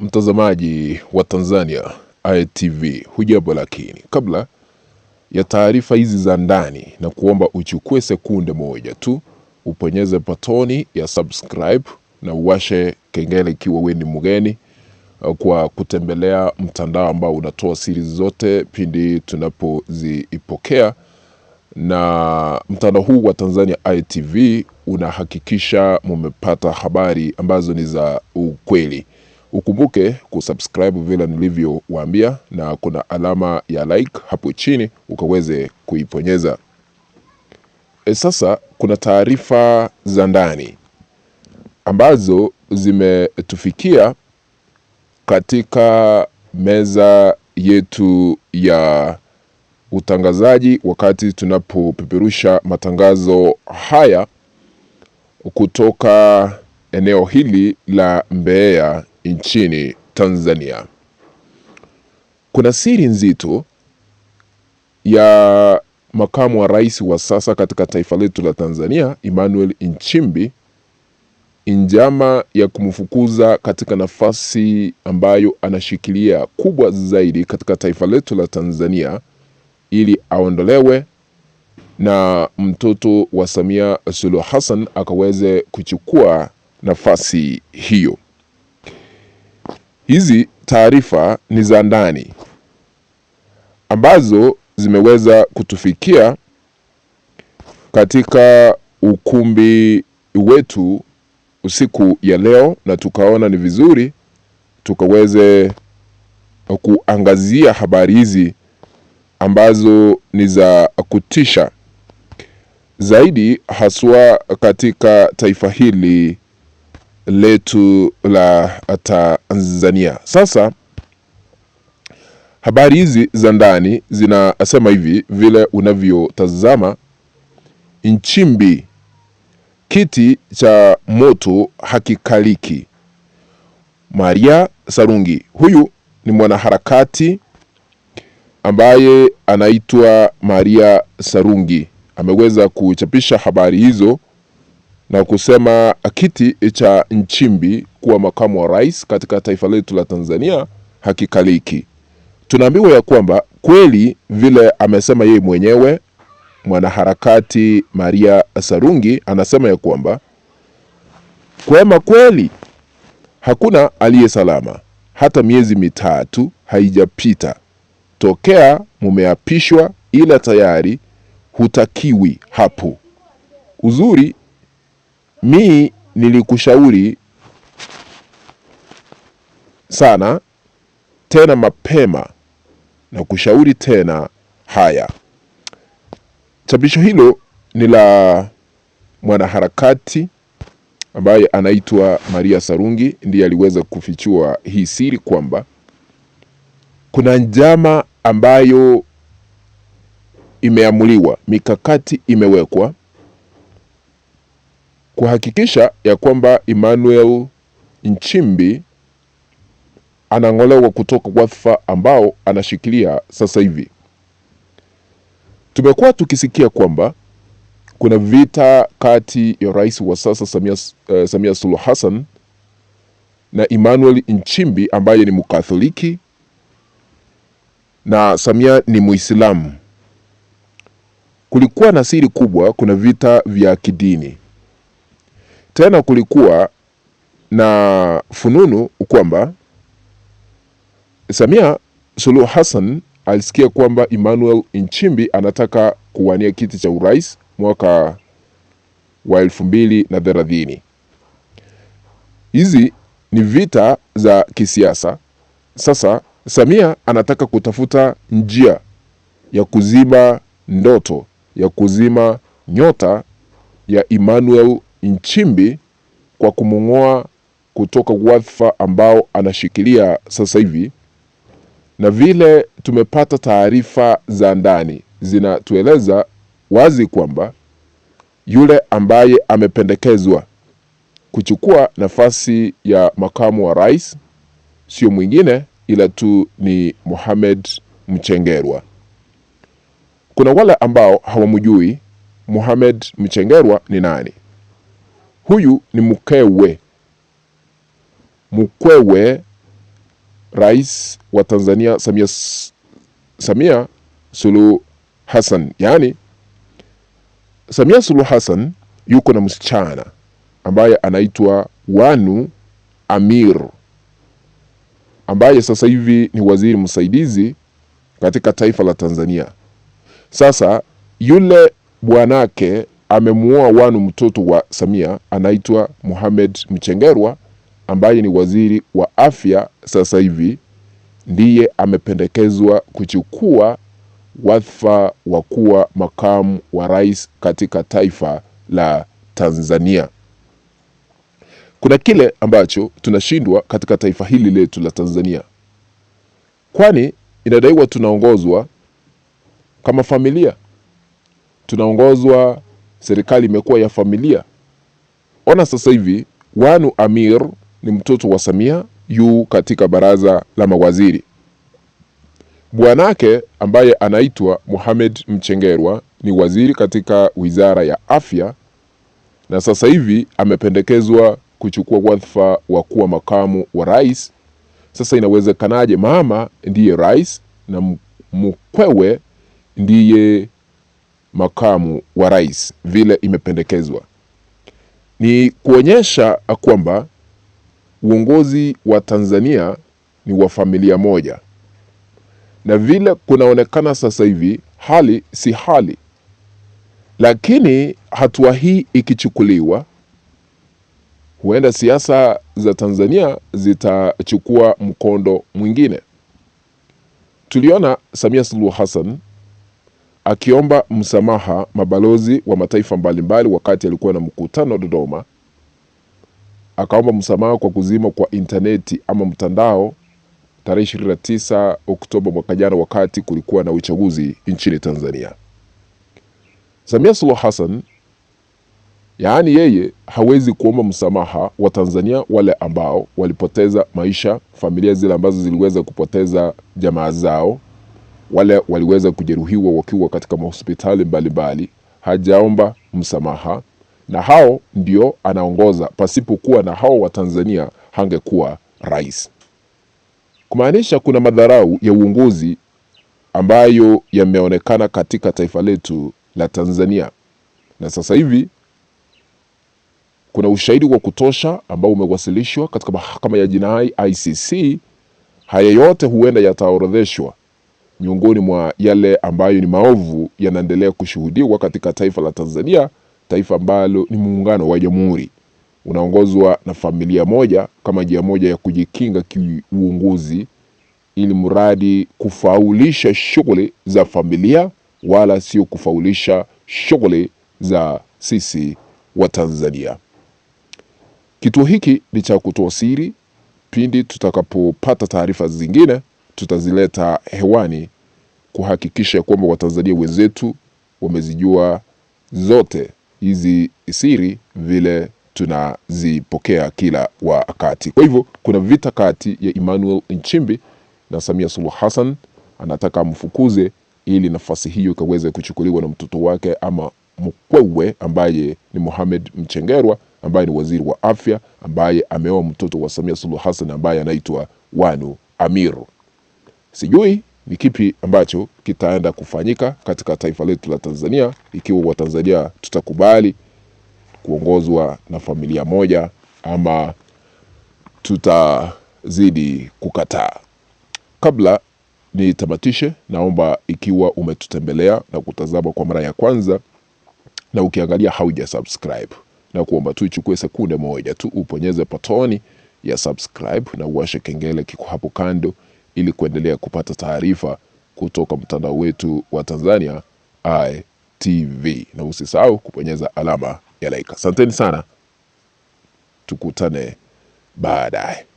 Mtazamaji wa Tanzania ITV, hujambo, lakini kabla ya taarifa hizi za ndani, na kuomba uchukue sekunde moja tu uponyeze patoni ya subscribe na uwashe kengele ikiwa wewe ni mgeni kwa kutembelea mtandao ambao unatoa siri zote pindi tunapoziipokea. Na mtandao huu wa Tanzania ITV unahakikisha mumepata habari ambazo ni za ukweli. Ukumbuke kusubscribe vile nilivyowaambia, na kuna alama ya like hapo chini ukaweze kuiponyeza. E, sasa kuna taarifa za ndani ambazo zimetufikia katika meza yetu ya utangazaji wakati tunapopeperusha matangazo haya kutoka eneo hili la Mbeya nchini Tanzania. Kuna siri nzito ya makamu wa rais wa sasa katika taifa letu la Tanzania, Emmanuel Nchimbi, njama ya kumfukuza katika nafasi ambayo anashikilia kubwa zaidi katika taifa letu la Tanzania ili aondolewe na mtoto wa Samia Suluhu Hassan akaweze kuchukua nafasi hiyo. Hizi taarifa ni za ndani ambazo zimeweza kutufikia katika ukumbi wetu usiku ya leo, na tukaona ni vizuri tukaweze kuangazia habari hizi ambazo ni za kutisha zaidi haswa katika taifa hili letu la Tanzania. Sasa habari hizi za ndani zinasema hivi vile unavyotazama: Nchimbi, kiti cha moto hakikaliki. Maria Sarungi, huyu ni mwanaharakati ambaye anaitwa Maria Sarungi, ameweza kuchapisha habari hizo na kusema kiti cha Nchimbi kuwa makamu wa rais katika taifa letu la Tanzania hakikaliki. Tunaambiwa ya kwamba kweli vile amesema yeye mwenyewe mwanaharakati Maria Sarungi anasema ya kwamba kwema kweli hakuna aliye salama. Hata miezi mitatu haijapita tokea mumeapishwa, ila tayari hutakiwi hapo. Uzuri mi nilikushauri sana tena mapema na kushauri tena. Haya, chapisho hilo ni la mwanaharakati ambaye anaitwa Maria Sarungi, ndiye aliweza kufichua hii siri kwamba kuna njama ambayo imeamuliwa, mikakati imewekwa kuhakikisha ya kwamba Emmanuel Nchimbi anang'olewa kutoka wadhifa ambao anashikilia sasa hivi. Tumekuwa tukisikia kwamba kuna vita kati ya rais wa sasa Samia, uh, Samia Suluhu Hassan na Emmanuel Nchimbi ambaye ni Mkatholiki na Samia ni Muislamu. Kulikuwa na siri kubwa, kuna vita vya kidini. Tena kulikuwa na fununu kwamba Samia Suluhu Hassan alisikia kwamba Emmanuel Nchimbi anataka kuwania kiti cha urais mwaka wa elfu mbili na thelathini. Hizi ni vita za kisiasa. Sasa Samia anataka kutafuta njia ya kuzima ndoto ya kuzima nyota ya Emmanuel Nchimbi kwa kumung'oa kutoka wadhifa ambao anashikilia sasa hivi, na vile tumepata taarifa za ndani zinatueleza wazi kwamba yule ambaye amependekezwa kuchukua nafasi ya makamu wa rais sio mwingine ila tu ni Mohamed Mchengerwa. Kuna wale ambao hawamjui Mohamed Mchengerwa ni nani. Huyu ni mkewe, mkwewe Rais wa Tanzania Samia, Samia Suluhu Hassan. Yaani Samia Suluhu Hassan yuko na msichana ambaye anaitwa Wanu Amir ambaye sasa hivi ni waziri msaidizi katika taifa la Tanzania. Sasa yule bwanake amemuoa wanu mtoto wa Samia anaitwa Mohamed Mchengerwa ambaye ni waziri wa afya sasa hivi, ndiye amependekezwa kuchukua wadhifa wa kuwa makamu wa rais katika taifa la Tanzania. Kuna kile ambacho tunashindwa katika taifa hili letu la Tanzania, kwani inadaiwa tunaongozwa kama familia, tunaongozwa serikali imekuwa ya familia. Ona sasa hivi Wanu Amir ni mtoto wa Samia, yu katika baraza la mawaziri. Bwanake ambaye anaitwa Mohamed Mchengerwa ni waziri katika wizara ya afya, na sasa hivi amependekezwa kuchukua wadhifa wa kuwa makamu wa rais. Sasa inawezekanaje mama ndiye rais na mkwewe ndiye makamu wa rais vile imependekezwa, ni kuonyesha kwamba uongozi wa Tanzania ni wa familia moja, na vile kunaonekana sasa hivi hali si hali. Lakini hatua hii ikichukuliwa, huenda siasa za Tanzania zitachukua mkondo mwingine. Tuliona Samia Suluhu Hassan akiomba msamaha mabalozi wa mataifa mbalimbali wakati alikuwa na mkutano Dodoma. Akaomba msamaha kwa kuzima kwa intaneti ama mtandao tarehe 29 Oktoba mwaka jana, wakati kulikuwa na uchaguzi nchini Tanzania. Samia Suluhu Hassan yaani yeye hawezi kuomba msamaha wa Tanzania wale ambao walipoteza maisha, familia zile ambazo ziliweza kupoteza jamaa zao wale waliweza kujeruhiwa wakiwa katika mahospitali mbalimbali, hajaomba msamaha, na hao ndio anaongoza. Pasipokuwa na hao Watanzania hangekuwa rais, kumaanisha kuna madharau ya uongozi ambayo yameonekana katika taifa letu la Tanzania, na sasa hivi kuna ushahidi wa kutosha ambao umewasilishwa katika mahakama ya jinai ICC. Haya yote huenda yataorodheshwa miongoni mwa yale ambayo ni maovu yanaendelea kushuhudiwa katika taifa la Tanzania, taifa ambalo ni muungano wa jamhuri unaongozwa na familia moja kama njia moja ya kujikinga kiuongozi, ili mradi kufaulisha shughuli za familia, wala sio kufaulisha shughuli za sisi wa Tanzania. Kituo hiki ni cha kutoa siri. Pindi tutakapopata taarifa zingine tutazileta hewani kuhakikisha kwamba Watanzania wenzetu wamezijua zote hizi siri vile tunazipokea kila wakati. Kwa hivyo kuna vita kati ya Emmanuel Nchimbi na Samia Suluhu Hassan, anataka amfukuze ili nafasi hiyo ikaweze kuchukuliwa na mtoto wake ama mkwewe ambaye ni Mohamed Mchengerwa ambaye ni waziri wa afya ambaye ameoa mtoto wa Samia Suluhu Hassan ambaye anaitwa Wanu Amir. Sijui ni kipi ambacho kitaenda kufanyika katika taifa letu la Tanzania ikiwa Watanzania tutakubali kuongozwa na familia moja ama tutazidi kukataa. Kabla nitamatishe, naomba ikiwa umetutembelea na kutazama kwa mara ya kwanza na ukiangalia hauja subscribe, na kuomba tu ichukue sekunde moja tu uponyeze patoni ya subscribe na uwashe kengele kiko hapo kando ili kuendelea kupata taarifa kutoka mtandao wetu wa Tanzania Eye TV, na usisahau kubonyeza alama ya like. Asanteni sana, tukutane baadaye.